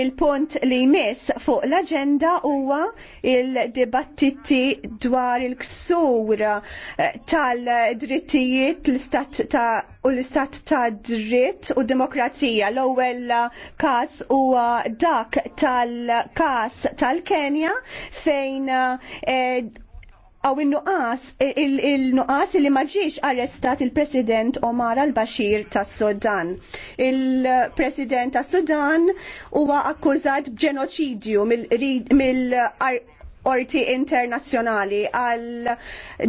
Il-punt li jmiss fuq l-agenda huwa il-dibattiti dwar il-ksur eh, tal-drittijiet l-istat ta' u l-istat ta' dritt u demokrazija. L-ewwel eh, każ huwa dak tal-każ tal-Kenja fejn eh, għaw il-nuqas, il-nuqas li maġiġ arrestat il-President Omar al-Bashir tas sudan Il-President tas sudan huwa akkużat b'ġenoċidju mill-orti internazzjonali għal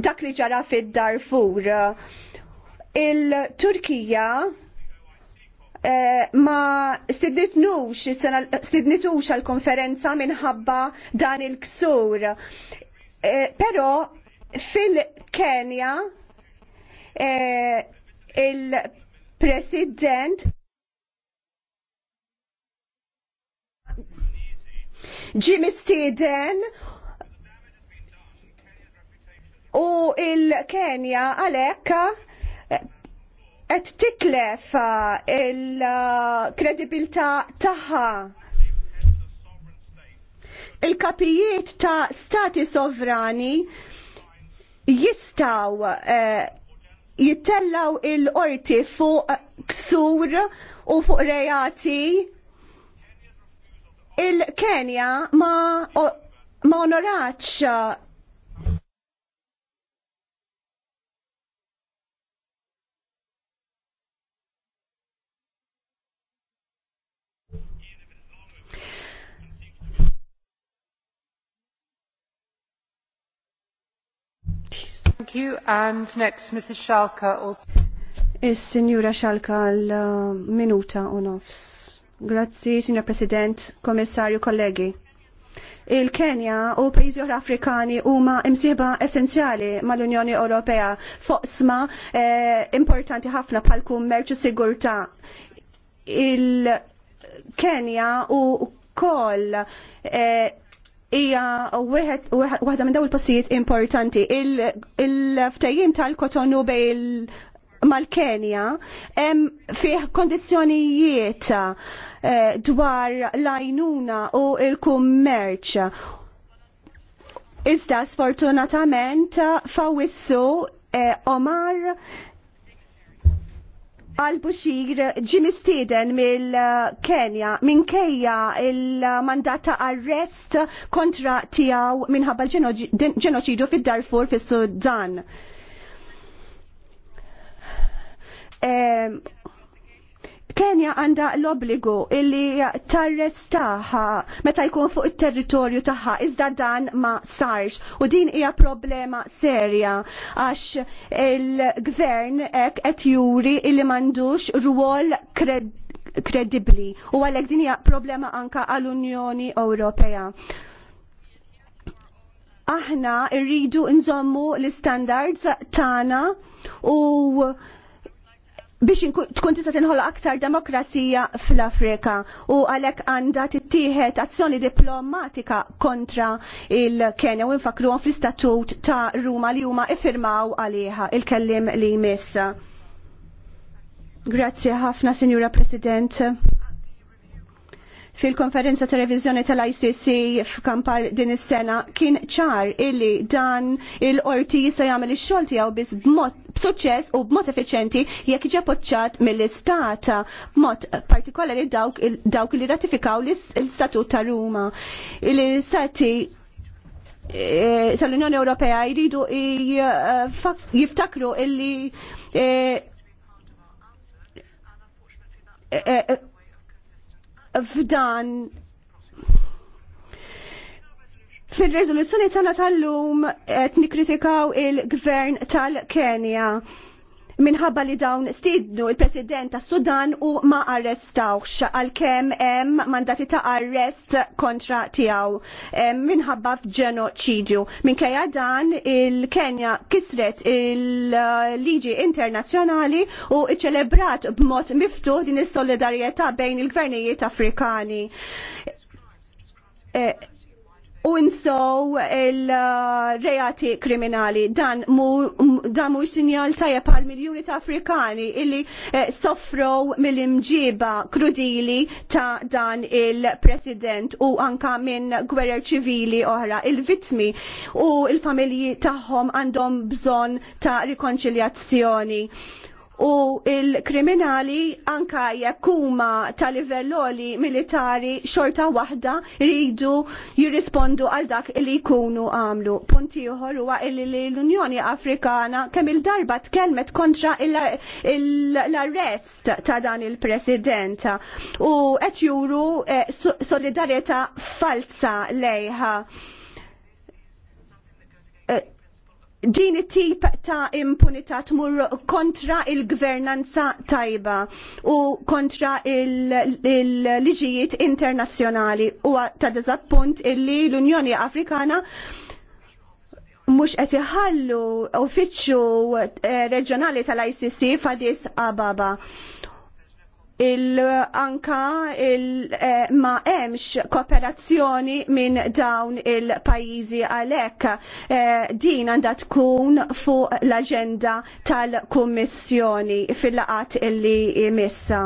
dak li ġara fid-Darfur. Il-Turkija eh, ma stidnitnux, stidnitux għal-konferenza minħabba dan il-ksur. Eh, però fil-Kenja eh, il-President Jimmy Steden u il-Kenja għalekka eh, qed titlef il-kredibilità tagħha il-kapijiet ta' stati sovrani jistaw eh, jittellaw il-qorti fuq ksur u fuq rejati il-Kenja ma, ma onoraċ Is-Sinjura Shalka l-minuta u nofs. Grazzi, Sinjura President, Komissarju, kollegi il-Kenja u pajjiżi oħra Afrikani huma msiba essenzjali mal-Unjoni Ewropea fuq sma eh, importanti ħafna bħal kummerċ u sigurtà. Il-Kenja u koll eh, hija waħda minn dawn il-postijiet importanti. il ftajjim tal-kotonu bej mal-Kenja fih kondizjonijiet eh, dwar lajnuna u il-kummerċ. Iżda sfortunatament fawissu eh, Omar Al-Bushir ġim istiden mill-Kenja minkejja il-mandat ta' arrest kontra tijaw minħabba l-ġenoċidu fid-Darfur fis-Sudan. Kenja għanda l-obligu illi tarrestaħa meta jkun fuq il-territorju taħħa iżda dan ma sarx u din hija problema serja għax il-gvern ek et juri illi mandux ruol kred kredibli u għalek din hija problema anka għall-Unjoni Ewropea. Aħna rridu nżommu l-standards tagħna u biex tkun tista' tinħolo aktar demokrazija fl-Afrika u għalhekk għandha tittieħed azzjoni diplomatika kontra il-Kenja u nfakruhom fl-istatut ta' Ruma li huma iffirmaw għaliha il-kellim li jmiss. Grazzi ħafna, Sinjura President fil-konferenza ta' revizjoni tal-ICC f'kampal din is-sena kien ċar illi dan il-qorti jista' jagħmel ix-xogħol tiegħu biss b'mod b'suċċess u b'mod effiċenti jekk ġie poċċat mill-istata b'mod partikolari dawk, dawk li ratifikaw l-Istatut ta' Ruma. L-istati eh, tal-Unjoni Ewropea jridu jiftakru illi eh, eh, f'dan fil-rezoluzzjoni tagħna tal-lum qed nikkritikaw il-gvern tal-Kenja minħabba li dawn stidnu il-President ta' Sudan u ma arrestawx għal-kem hemm mandati ta' arrest kontra tiegħu minħabba f'ġenoċidju. Minkejja dan il-Kenja kisret il-liġi internazzjonali u iċċelebrat b'mod miftuħ din is-solidarjetà bejn il-gvernijiet Afrikani. E, u il-reati kriminali. Dan mu sinjal tajab għal miljoni ta' Afrikani illi eh, soffrow mill-imġiba krudili ta' dan il-president u anka minn gwerer ċivili oħra. Il-vitmi u il-familji tagħhom għandhom bżon ta' rikonċiljazzjoni u il-kriminali anka jekkuma ta' livelloli militari xorta waħda jridu jirrispondu għal dak li jkunu għamlu. Punti uħor huwa li l-Unjoni Afrikana kemm il-darba tkellmet kontra l-arrest ta' dan il-president u qed juru eh, solidarjetà falsa lejha din it-tip ta' impunità tmur kontra il-gvernanza tajba u kontra il-liġijiet il internazzjonali u ta' dizappunt illi l-Unjoni Afrikana mux qed iħallu uffiċċju eh, reġjonali tal-ICC f'Addis Ababa il anka il eh, ma hemmx kooperazzjoni minn dawn il-pajjiżi għalhekk eh, din għandha tkun fuq l-aġenda tal-Kummissjoni fil-laqat illi jmissa.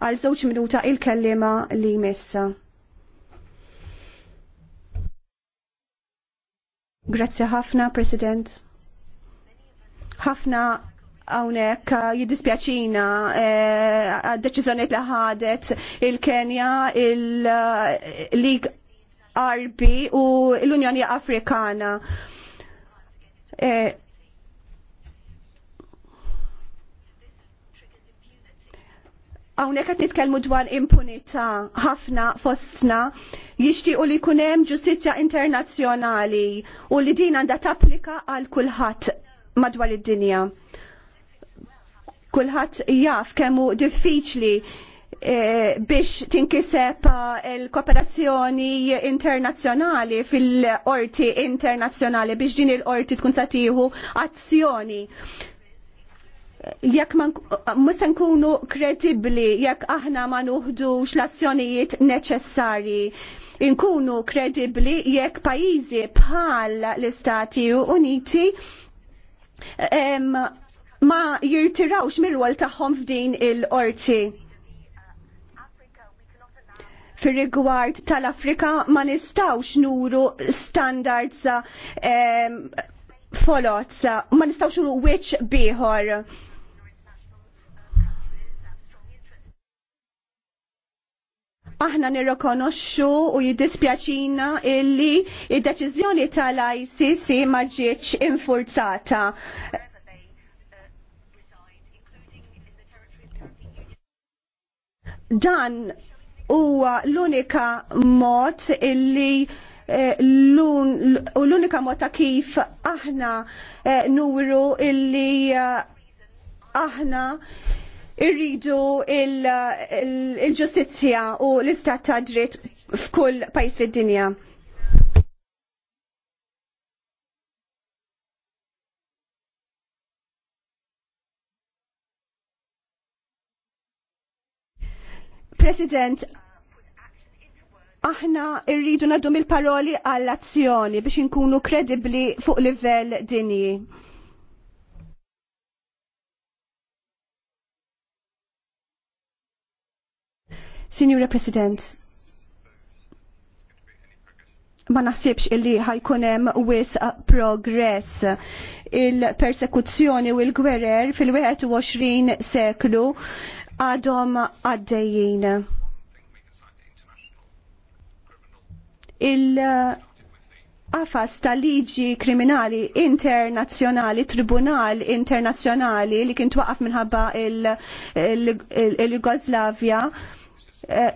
Għal żewġ minuta il-kellima li jmissa. Grazzi ħafna, President. Ħafna għawnek eh, jiddispjaċina eh, għad-deċizjoniet li ħadet il-Kenja, il-Lig Arbi u l-Unjoni Afrikana. Għawnek eh, għat nitkelmu dwar impunita ħafna fostna jixtiequ li kunem ġustizja internazzjonali u li din għanda tapplika għal kulħadd madwar id-dinja. Kulħadd jaf kemm hu diffiċli eh, biex tinkiseb eh, il-kooperazzjoni internazzjonali fil-orti internazzjonali biex din il-orti tkun satiħu azzjoni. Jekk musta nkunu kredibli jekk aħna ma nuħdux l-azzjonijiet neċessarji nkunu kredibli jekk pajizi bħal l-Istati Uniti ma jirtirawx mir-rwol tagħhom f'din il-qorti. Fir-rigward tal-Afrika ma nistawx nuru standards eh, folot, ma nistawx nuru wiċ biħor. aħna nirrikonoxxu u jiddispjaċina illi id-deċiżjoni tal-ICC ma ġietx infurzata. Dan huwa l-unika mod illi eh, u l-unika mod ta' kif aħna eh, nuru illi eh, aħna irridu il-ġustizja u l-istat ta' dritt f'kull pajis fid-dinja. President, aħna irridu naddu mill-paroli għall-azzjoni biex inkunu kredibli fuq livell dinji. Signora President, ma naħsibx illi ħajkunem wis progress il-persekuzzjoni u l-gwerer fil-21 seklu għadhom għaddejjin. Il-qafas tal-liġi kriminali internazzjonali, tribunal internazzjonali li kien twaqaf minħabba il-Jugoslavja eh,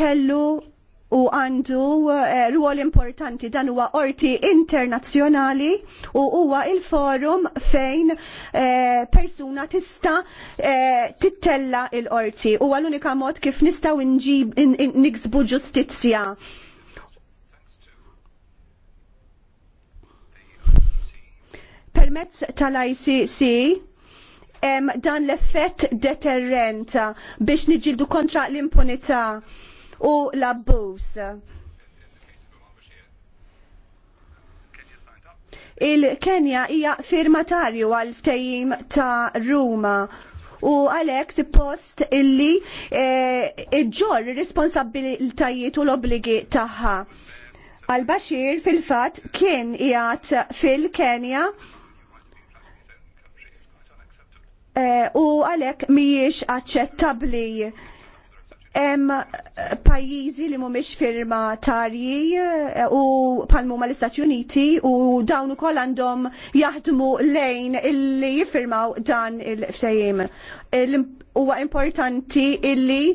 kellu u għandu eh, ruol importanti dan huwa orti internazzjonali u huwa il-forum fejn eh, persuna tista eh, tittella il-orti u l-unika mod kif nistaw nġib niksbu ġustizzja. Permezz tal-ICC dan l-effett deterrent biex niġildu kontra l-impunità u l abbus Il-Kenja hija firmatarju għal ftejim ta' Ruma u għalek post illi eh, iġġor e, responsabiltajiet u l-obligi taħħa. Al-Bashir fil-fat kien jgħat fil-Kenja eh, u għalek miex aċċettabli Hemm eh, pajjiżi li mhumiex firmatarji eh, u palmu ma l-Istati Uniti u dawn ukoll għandhom jaħdmu lejn illi jiffirmaw dan il-ftehim. Huwa importanti illi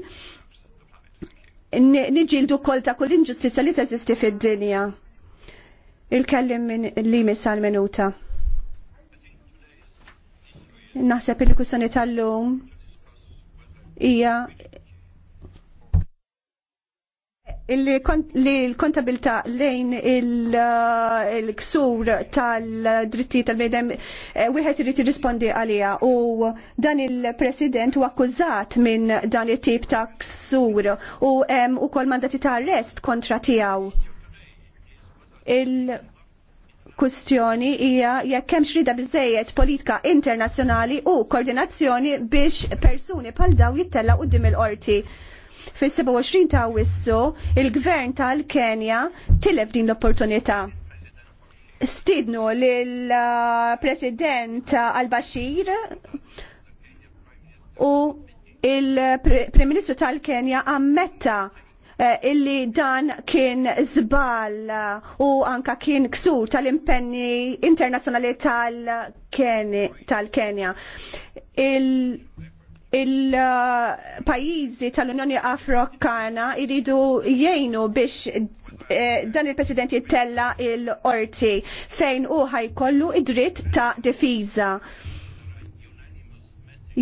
niġildu kol ta' kull inġustizja li teżisti fid-dinja. Il-kellim min li missal minuta. Naħseb il-kussjoni tal-lum hija li l-kontabilta lejn uh, il-ksur tal-dritti tal-bnedem eh, wieħed irid jirrispondi għaliha u dan il-president u akkużat minn dan it-tip ta' ksur u hemm ukoll mandati ta' arrest kontra tiegħu. Il-kustjoni hija jekk hemm xrida biżejjed politika internazzjonali u koordinazzjoni biex persuni bħal daw jittella quddiem il-qorti. Fil-27 ta' wissu, il-gvern tal-Kenja tilef din l-opportunità. Stidnu l-President al-Bashir u il-Prim Ministru tal-Kenja ammetta eh, illi dan kien zbal u anka kien ksur tal-impenni internazzjonali tal-Kenja. tal il-pajizi tal-Unjoni Afrokana iridu jgħinu biex eh, dan il-President jittella il-orti fejn u ħajkollu id-dritt ta' difiża.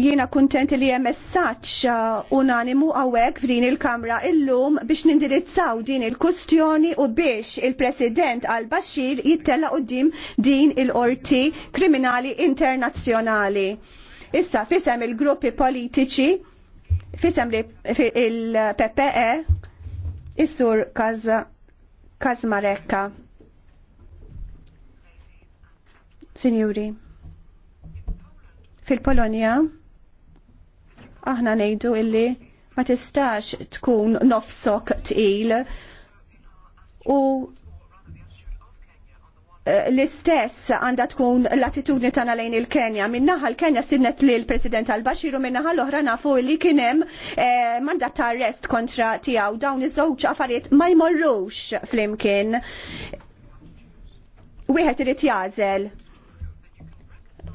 Jiena kuntent li hemm messaġġ eh, unanimu għawek f'din il-Kamra illum biex nindirizzaw din il-kustjoni u biex il-President al-Bashir jittella u din il-qorti kriminali internazzjonali. Issa fisem il-gruppi politiċi, fisem il-PPE, is-sur Kazmarekka. Signori, fil polonia aħna nejdu illi ma tistax tkun nofsok tqil u Eh, l-istess għanda tkun l-attitudni tana lejn il-Kenja. Minnaħal l-Kenja sidnet li l-President al-Bashir u minnaħa l-oħra nafu li kienem eh, mandat ta' arrest kontra tijaw dawn iż-żewġ affarijiet ma jmorrux flimkien. Wieħed irid jażel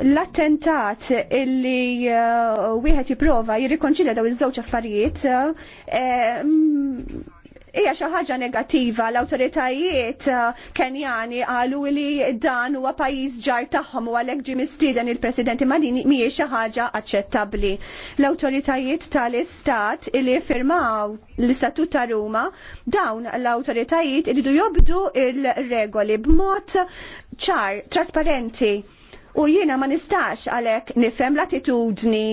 l-attentat illi uh, wieħed jipprova jirrikonċilja daw iż-żewġ affarijiet uh, hija xi ħaġa negattiva l-awtoritajiet uh, Kenjani qalu li dan huwa pajjiż ġar tagħhom u għalhekk ġie mistieden il-President imma din mhijiex xi ħaġa aċċettabbli. L-awtoritajiet tal-Istat li firmaw l-Istatut ta' Ruma dawn l-awtoritajiet iridu jobdu il-regoli b'mod ċar, trasparenti. U jiena ma nistax għalhekk nifhem l-attitudni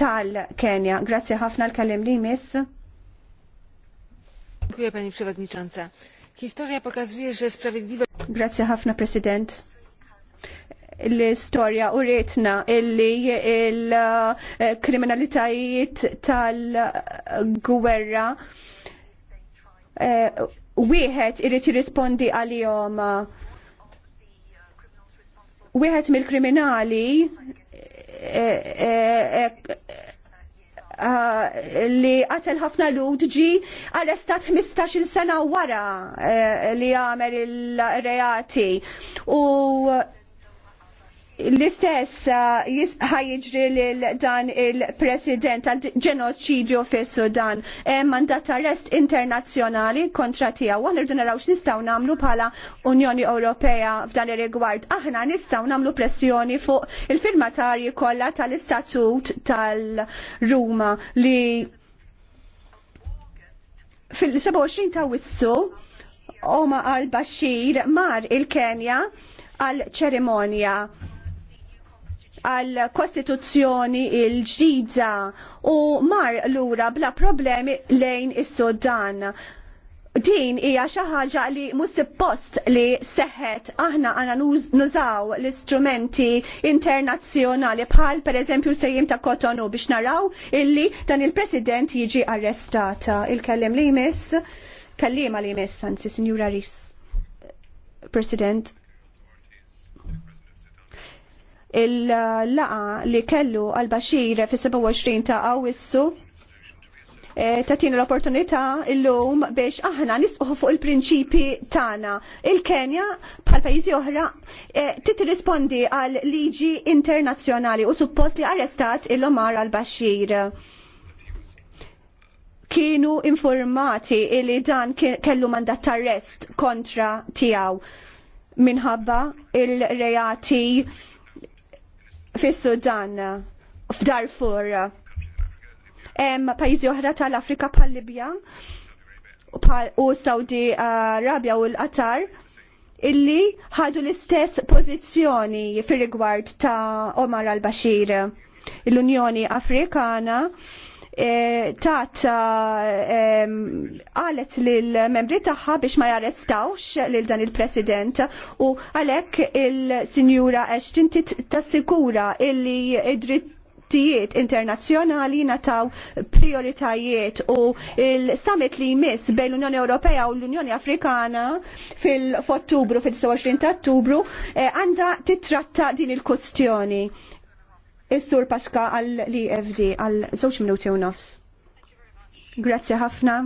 tal-Kenja. Grazzi ħafna l-kallim li miss. Dziękuję Pani Przewodnicząca. Historia pokazuje, że sprawiedliwe... Grazie Hafna President l-istorja u rritna illi il-kriminalitajiet tal-gwerra eh, wieħed irid jirrispondi għalihom. Wieħed mill-kriminali eh, eh, Eh, li qatel ħafna ludġi arrestat 15 sena wara eh, li għamel il-reati u l-istess uh, ħajġri lil dan il-president għal ġenoċidju fis sudan e, mandat arrest internazzjonali kontra tiegħu għan irdu naraw x-nistaw nagħmlu bħala Unjoni Ewropea f'dan ir-rigward. Aħna nistgħu nagħmlu pressjoni fuq il-firmatarji kollha tal-istatut tal-Ruma li fil-27 ta' Wissu Oma al-Bashir mar il-Kenja għal ċerimonja għal kostituzzjoni il-ġdida u mar lura bla problemi lejn is-Sudan. Din hija xi ħaġa li mhux suppost li seħħet aħna għana nużaw l-istrumenti internazzjonali bħal pereżempju l-sejjim ta' Kotonu biex naraw illi dan il-President jiġi arrestata. Il-kellem li jmiss, kellima li jmiss, anzi, Sinjura Ris, President il-laqa li kellu għal-Bashir fi 27 ta' Awissu e, tatina l-opportunità l-lum biex aħna nisqħu fuq il-prinċipi tagħna. Il-Kenja bħal pajjiżi oħra e, rispondi għal liġi internazzjonali u suppost li arrestat il-Omar al-Bashir kienu informati li dan kellu mandat arrest kontra tiegħu minħabba il-reati fis-Sudan f'Darfur. Hemm pajjiżi oħra tal-Afrika bħal Libja u Saudi Arabja u l-Qatar illi ħadu l-istess pożizzjoni fir rigward ta' Omar al-Bashir. L-Unjoni Afrikana Eh, Tata għalet eh, lill-membri tagħha biex ma jarrestawx lil dan il-President u għalhekk il-Sinjura Ashton tassikura illi id-drittijiet internazzjonali nataw prioritajiet u il-summit li jmiss bejn l-Unjoni Ewropea u l-Unjoni Afrikana fil-Ottubru, fil-29 ta' Ottubru, eh, għandha titratta din il-kustjoni Is-sur Paxka għall-EFD għal żewġ minuti u nofs. Grazzi ħafna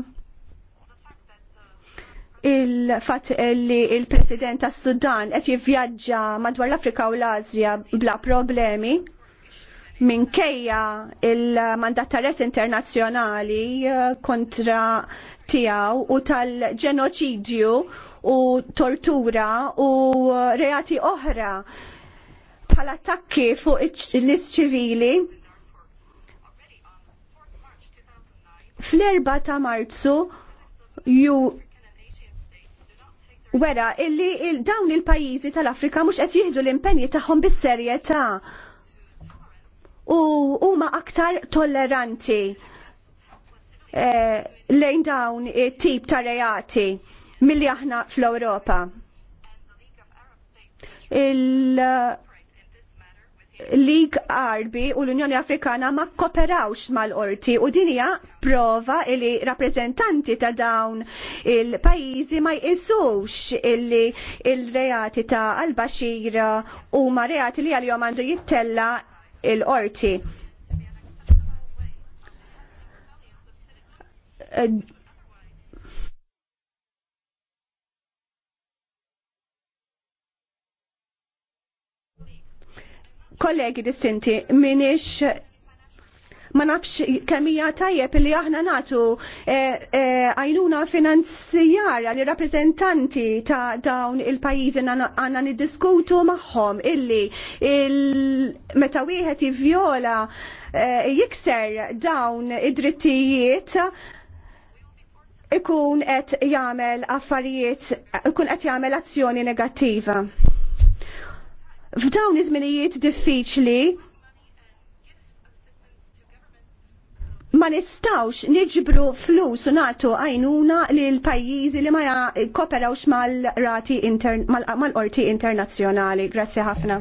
il-fat li il-President tas sudan qed jivvjaġġa madwar l-Afrika u l-Azja bla problemi minkejja il-mandat tar-res internazzjonali eh, kontra tiegħu u tal-ġenoċidju u tortura u eh, reati oħra bħala attakki fuq il-nis ċivili fl-4 ta' marzu ju wera illi il dawn il-pajjiżi tal-Afrika mhux qed jieħdu l-impenji tagħhom bis-serjetà u huma aktar tolleranti eh, lejn dawn it-tip ta' reati milli aħna fl-Ewropa. Il- Lig Arbi u l-Unjoni Afrikana ma kkoperawx mal-qorti u din hija prova li rappreżentanti ta' dawn il-pajjiżi ma jisux illi il-reati ta' al-Bashir huma reati li għal-jom għandu jittella il-qorti kollegi distinti, minix ma nafx kemija tajjeb li aħna natu eh, eh, għajnuna finanzjara li rappresentanti ta' dawn il-pajizi għanna niddiskutu maħħom illi il meta wieħed jivjola eh, jikser dawn id-drittijiet ikun qed jagħmel affarijiet ikun qed jagħmel azzjoni negattiva. F'dawn iż-żminijiet diffiċli ma nistawx niġbru flus u nagħtu għajnuna lil pajjiżi li ma jkoperawx mal-rati mal qorti internazzjonali. Grazzi ħafna.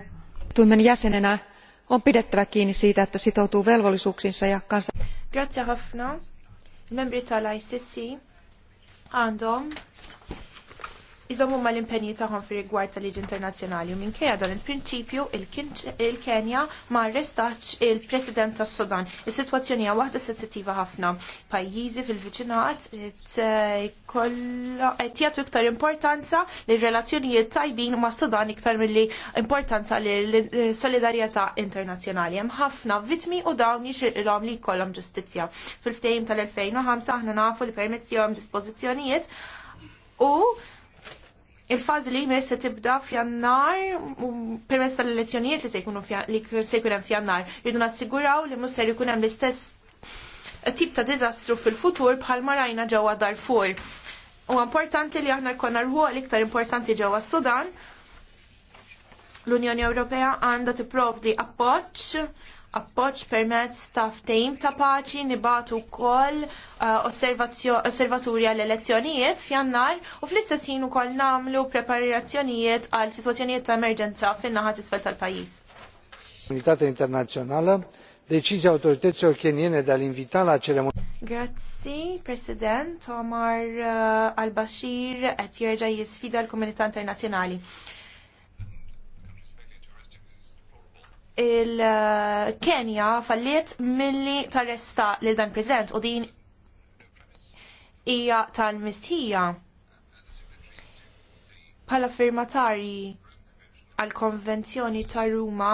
Tunmen jäsenenä on pidettävä kiinni siitä, että sitoutuu velvollisuuksiinsa ja kansa. Grazie ħafna. Membri tal-ICC għandhom Iżom huma l-impenji taħħom fi rigward tal-liġi internazzjonali u minkejja dan il-prinċipju il-Kenja ma arrestax il-President tas sudan Is-sitwazzjoni hija waħda sensittiva ħafna. Pajjiżi fil-viċinat qed eh, eh, jagħtu iktar importanza lir relazzjonijiet tajbin ma' Sudan iktar milli importanza lil eh, solidarjetà internazzjonali. Hemm ħafna vittmi u dawn jixilhom li jkollhom ġustizzja. Fil-ftehim tal-2005 aħna nafu li permezzjom dispożizzjonijiet u Il-fazi li jmess se tibda f'jannar, permess tal-elezzjonijiet li se jkunu f'jannar, jridu nassiguraw li mhux se jkun hemm l-istess tip ta' diżastru fil-futur bħal marajna ġewwa Darfur. U importanti li aħna jkollna rħuq l-iktar importanti ġewwa Sudan. L-Unjoni Ewropea għandha tipprovdi appoġġ appoġġ permezz ta' ftehim ta' paċi nibatu wkoll uh, osservaturi għall elezzjonijiet f'jannar u fl-istess ħin ukoll nagħmlu preparazzjonijiet għal sitwazzjonijiet ta' emerġenza fin-naħa t'isfel tal-pajjiż. Komunità internazzjonali deċiżi awtoritajiet Orkenjene dal-invita la ċeremonija. Grazzi, President Omar uh, al-Bashir qed jerġa' jisfida l-Komunità Internazzjonali. il-Kenja falliet milli tarresta li dan prezent u din hija tal-mistija bħala firmatari għal-konvenzjoni ta' Ruma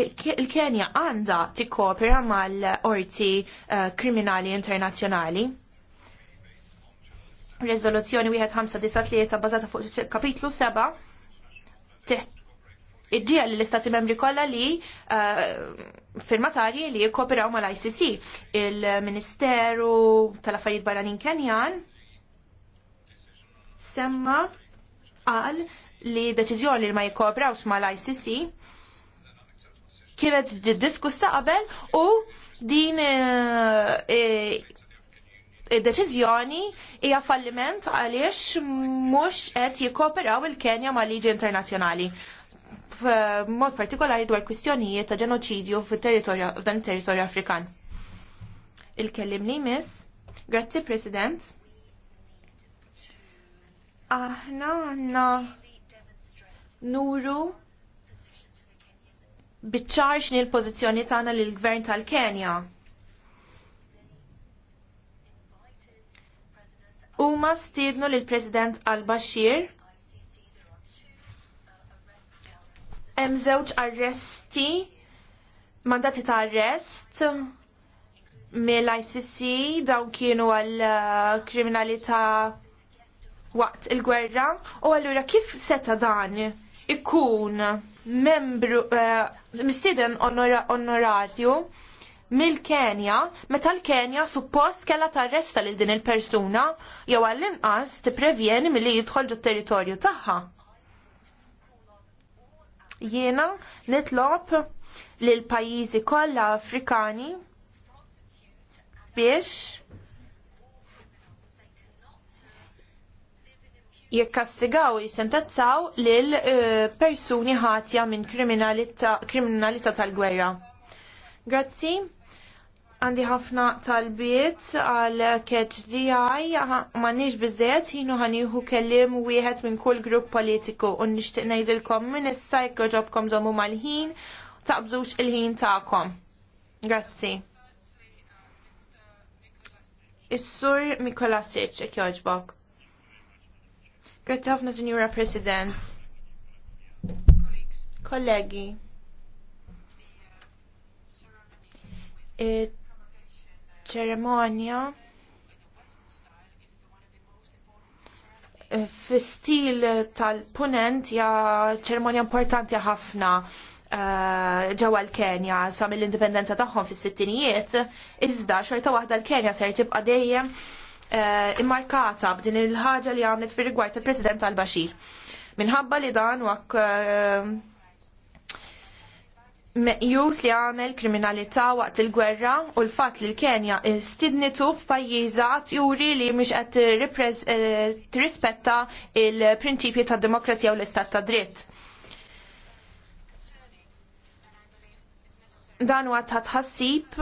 il-Kenja għandha tikkopera mal-orti eh, kriminali internazzjonali. Rezoluzzjoni 1593 bażata fuq kapitlu 7 id-dija li l-istati membri kollha li uh, firmatarji li ma mal-ICC. Il-Ministeru tal-Affarijiet Barranin Kenjan semma qal li deċiżjoni li ma jikkooperawx mal-ICC kienet diskussa qabel u din uh, id-deċiżjoni hija falliment għaliex mhux qed jikkooperaw il-Kenja mal-liġi internazzjonali f'mod partikolari dwar kwistjonijiet ta' ġenoċidju f'dan territorju Afrikan. il kellimni miss, grazzi President. Aħna għanna nuru biċċarxni l-pozizjoni tagħna lil gvern tal-Kenja. Huma stiednu lill President Al-Bashir hemm żewġ arresti, mandati ta' arrest mill-ICC dawn kienu għal eh, kriminalità waqt il-gwerra u allura kif seta dan ikun membru uh, mistieden onora, onorarju mill-Kenja, meta l-Kenja suppost kella tarresta lil din il-persuna jew għall-inqas tipprevjeni milli jidħol ġo territorju tagħha. Jiena nitlob lil pajjiżi kollha Afrikani biex jekkastigaw jisentazzaw lil eh, persuni ħatja minn kriminalità tal-gwerra. Grazzi għandi ħafna talbiet għal catch ma nix bizzet jino ħaniħu kellim wieħed minn kull grupp politiku u nishtiq ngħidilkom minn s jekk ġobkom żommu mal-ħin taqbżux il-ħin tagħkom. Grazzi. Is-sur Mikolasic ek jogħġbok. Grazzi ħafna Signora President. Kollegi. It ċeremonja fi stil tal-punent ja ċeremonja importanti ħafna eh, ġewwa l-Kenja sa mill-indipendenza tagħhom fis-sittinijiet, iżda xorta waħda l-Kenja ser tibqa' dejjem eh, immarkata b'din il-ħaġa li għamlet fir rigward tal-President tal-Bashir. Minħabba li dan wak meqjus li għamel kriminalità waqt il-gwerra u l-fat li l-Kenja stidnitu f'pajjiżat juri li mhux qed eh, tirrispetta il-prinċipji tad demokrazija u l-istat ta' dritt. Dan huwa ta' tħassib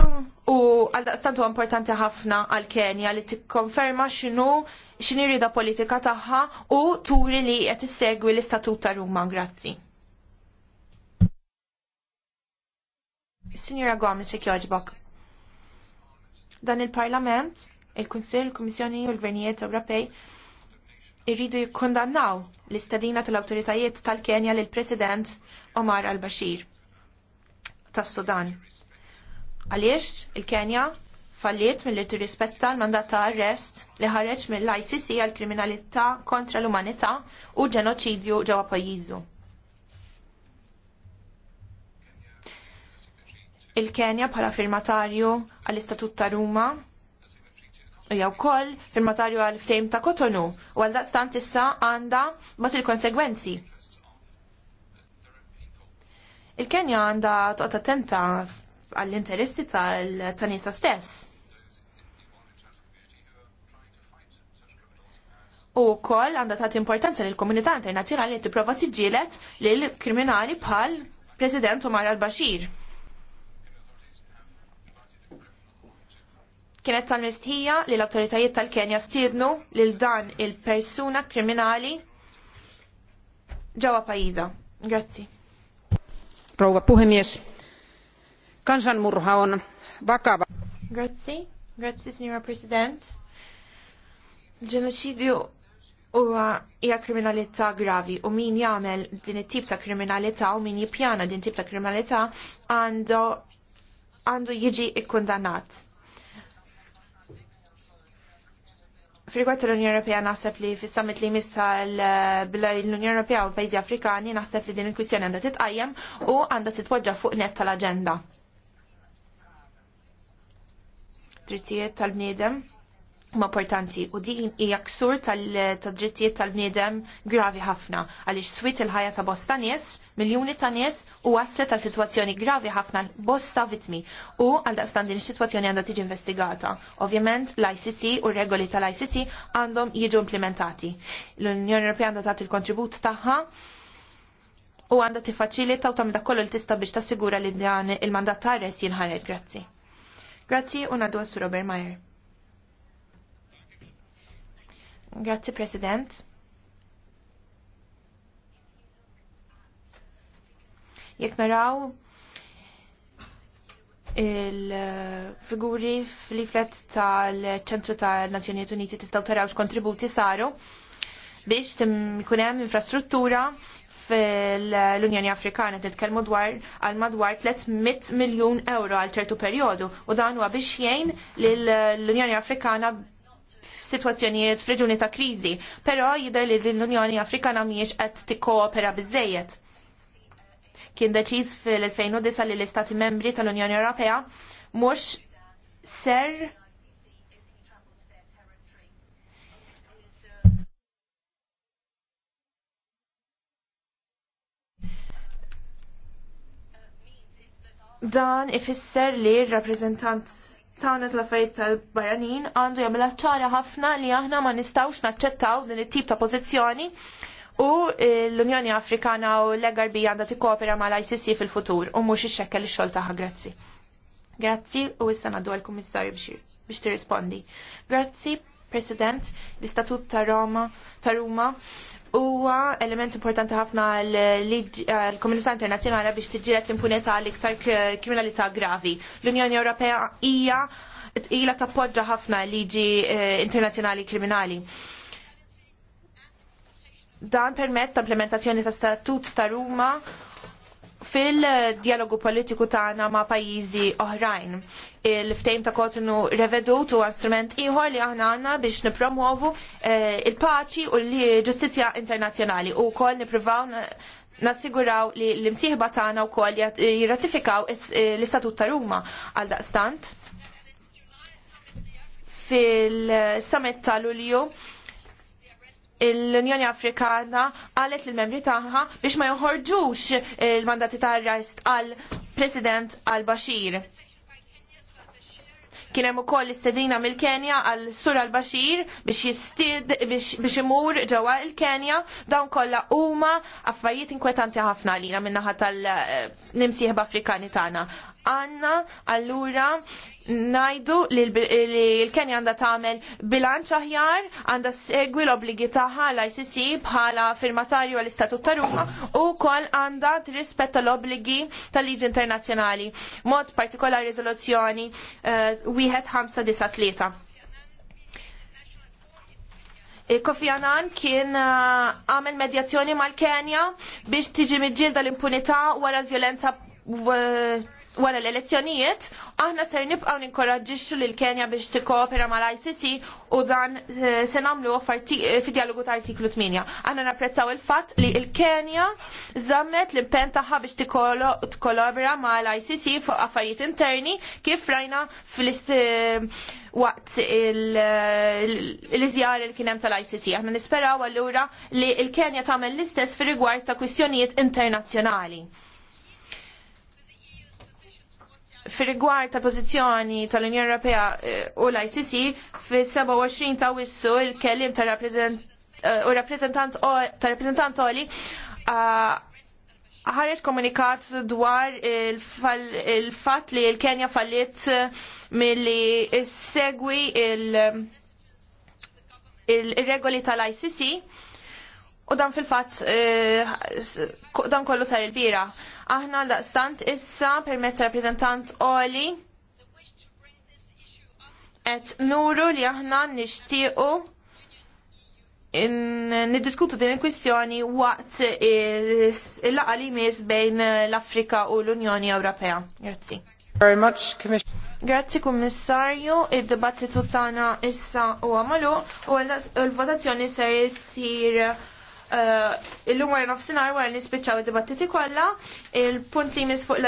u għaldaqstant huwa importanti ħafna għal Kenja li tikkonferma x'inhu x'inhi politika tagħha u turi li qed issegwi l-istatut ta' Ruma. Grazzi. Signora Gomez, jek joġbok. Dan il-Parlament, il-Kunsil, il-Kommissjoni u l-Gvernijiet Ewropej irridu jikkondannaw l-istadina tal-autoritajiet tal-Kenja l president Omar al-Bashir tas-Sudan. Għaliex il-Kenja falliet mill-li rispetta l-mandat ta' arrest li ħareġ mill-ICC għal kriminalità kontra l-umanità u ġenoċidju ġewwa pajjiżu. il-Kenja bħala firmatarju għall-Istatut ta' Ruma u jew koll firmatarju għal ftejm ta' Kotonu u għal daqstant issa għanda bat il-konsegwenzi. Il-Kenja għanda toqgħod attenta għall-interessi tal-tanisa stess. U koll għanda tagħti importanza li l-komunità internazjonali li t-prova t-ġilet li l-kriminali bħal President Omar al-Bashir. kienet tal-mistħija li l-autoritajiet tal-Kenja stidnu lil dan il-persuna kriminali ġewwa pajjiża. Grazzi. Rouva puhemies, kansanmurha on Bakaba. Grazzi, grazzi signora President. Ġenoċidju huwa hija kriminalità gravi u min jagħmel din it-tip ta' kriminalità u min jippjana din tip ta' kriminalità għandu għandu jiġi ikkundannat Frigwat l-Unjoni Ewropea naħseb li fis-summit li missa eh, l-Unjoni Ewropea u pajjiżi Afrikani naħseb li din il-kwistjoni għandha titqajjem u għandha titpoġġa fuq net tal-aġenda. Drittijiet tal-bniedem ma portanti u din hija ksur tal-ġittijiet tal-bniedem gravi ħafna għaliex swit il-ħajja ta' bosta nies, miljuni ta' nies u għasse ta' situazzjoni gravi ħafna bosta vitmi u għal daqstan din situazzjoni għandha tiġi investigata. Ovvjament l-ICC u regoli tal-ICC għandhom jiġu implementati. L-Unjoni Ewropea għandha tagħti l-kontribut tagħha u għandha tiffaċilita u tagħmel dak kollu l-tista biex tassigura li dan il-mandat ta' arrest jinħared. Grazzi. Grazzi u nadu Robert Mayer. Grazzi, President. Jek naraw il-figuri fl-iflet tal-ċentru tal-Nazzjonijiet Uniti tistaw taraw kontributi saru biex tim hemm infrastruttura fil-Unjoni Afrikana titkellmu dwar għal madwar 300 miljun euro għal ċertu perjodu u dan huwa biex jgħin lill-Unjoni Afrikana situazzjonijiet f'reġuni ta' kriżi, però jidher li l-Unjoni Afrikana mhijiex qed tikkoopera biżejjed. Kien deċiż fil-2009 li l-Istati Membri tal-Unjoni Ewropea mhux ser dan ifisser li r-rappreżentant tawnet l-affarijiet tal-barranin għandu jagħmilha ċara ħafna li aħna ma nistgħux naċċettaw din it-tip ta' pożizzjoni u l-Unjoni Afrikana u l-Egarbi għandha tikkopera mal-ICC fil-futur u mhux ixxekkel ix-xogħol tagħha grazzi. Grazzi u issa ngħaddu għall-Kummissarju biex tirrispondi. Grazzi, President, l-Istatut ta' Roma ta' Ruma huwa element importanti ħafna l-komunità internazzjonali biex tiġġieled l-impunità l-iktar kriminalità gravi. L-Unjoni Ewropea hija ilha tappoġġa ħafna liġi eh, internazzjonali kriminali dan permezz ta' implementazzjoni ta' statut ta' Ruma fil-dialogu politiku tagħna ma' pajjiżi oħrajn. Il-ftejm ta' kotinu revedut u instrument ieħor li aħna għandna biex nipromuovu eh, il-paċi u l-ġustizzja internazzjonali u wkoll nippruvaw nassiguraw li l-imsieħba tagħna wkoll jirratifikaw eh, l-Istatut ta' Ruma għal daqstant fil-summit tal-Ulju l-Unjoni Afrikana għalet l-membri taħħa biex ma joħorġux il-mandati ta' arrest għal President al-Bashir. Kien hemm ukoll istedina mill-Kenja għal Sur al-Bashir biex jistid biex imur ġewwa il-Kenja dawn kollha huma affarijiet inkwetanti ħafna għalina min-naħa tal-nimsieħba eh, Afrikani tagħna għanna allura najdu li l-Kenja għanda tagħmel bilanċ aħjar, għanda segwi l-obligi taħħa l-ICC bħala firmatarju għall-Istatut ta' Ruma u kol għanda trispetta l-obligi tal-liġi internazzjonali, mod partikolar riżoluzzjoni eh, wieħed ħamsa eh, Kofi Annan kien eh, għamel medjazzjoni mal-Kenja biex tiġi midġilda l-impunità wara l-violenza wara l-elezzjonijiet, aħna ser nibqaw ninkoraġġixxu lil Kenja biex tikkoopera mal-ICC u dan eh, se nagħmlu eh, fid-dialogu ta' artiklu 8. Aħna napprezzaw il-fatt li l-Kenja żammet l-impenn tagħha biex tikkoopera mal-ICC fuq affarijiet interni kif rajna fil eh, waqt l-iżjar li kien hemm tal-ICC. Aħna nisperaw allura li l-Kenja tagħmel l-istess fir rigward ta' kwistjonijiet internazzjonali fil-rigward ta' pożizzjoni tal-Unjoni Ewropea eh, u l-ICC fis-27 ta' wissu il-kellim ta' eh, u rappresentant ta' rappresentant oli ah, ħareġ komunikat dwar il-fatt li l-Kenja fallit milli segwi il-regoli tal-ICC u dan fil fat eh, dan kollu sar il-bira. Aħna daqstant issa permezz rappresentant Oli et nuru li aħna nixtiequ niddiskutu din il-kwistjoni waqt il-laqa li mis bejn l-Afrika u l-Unjoni Ewropea. Grazzi. Very much, Grazzi kummissarju, id-dibattitu tana issa huwa magħluq u l-votazzjoni ser isir il eh, illum għarna f'sinar għarna nispeċaw id-dibattiti kolla, il-punt li jmiss fuq la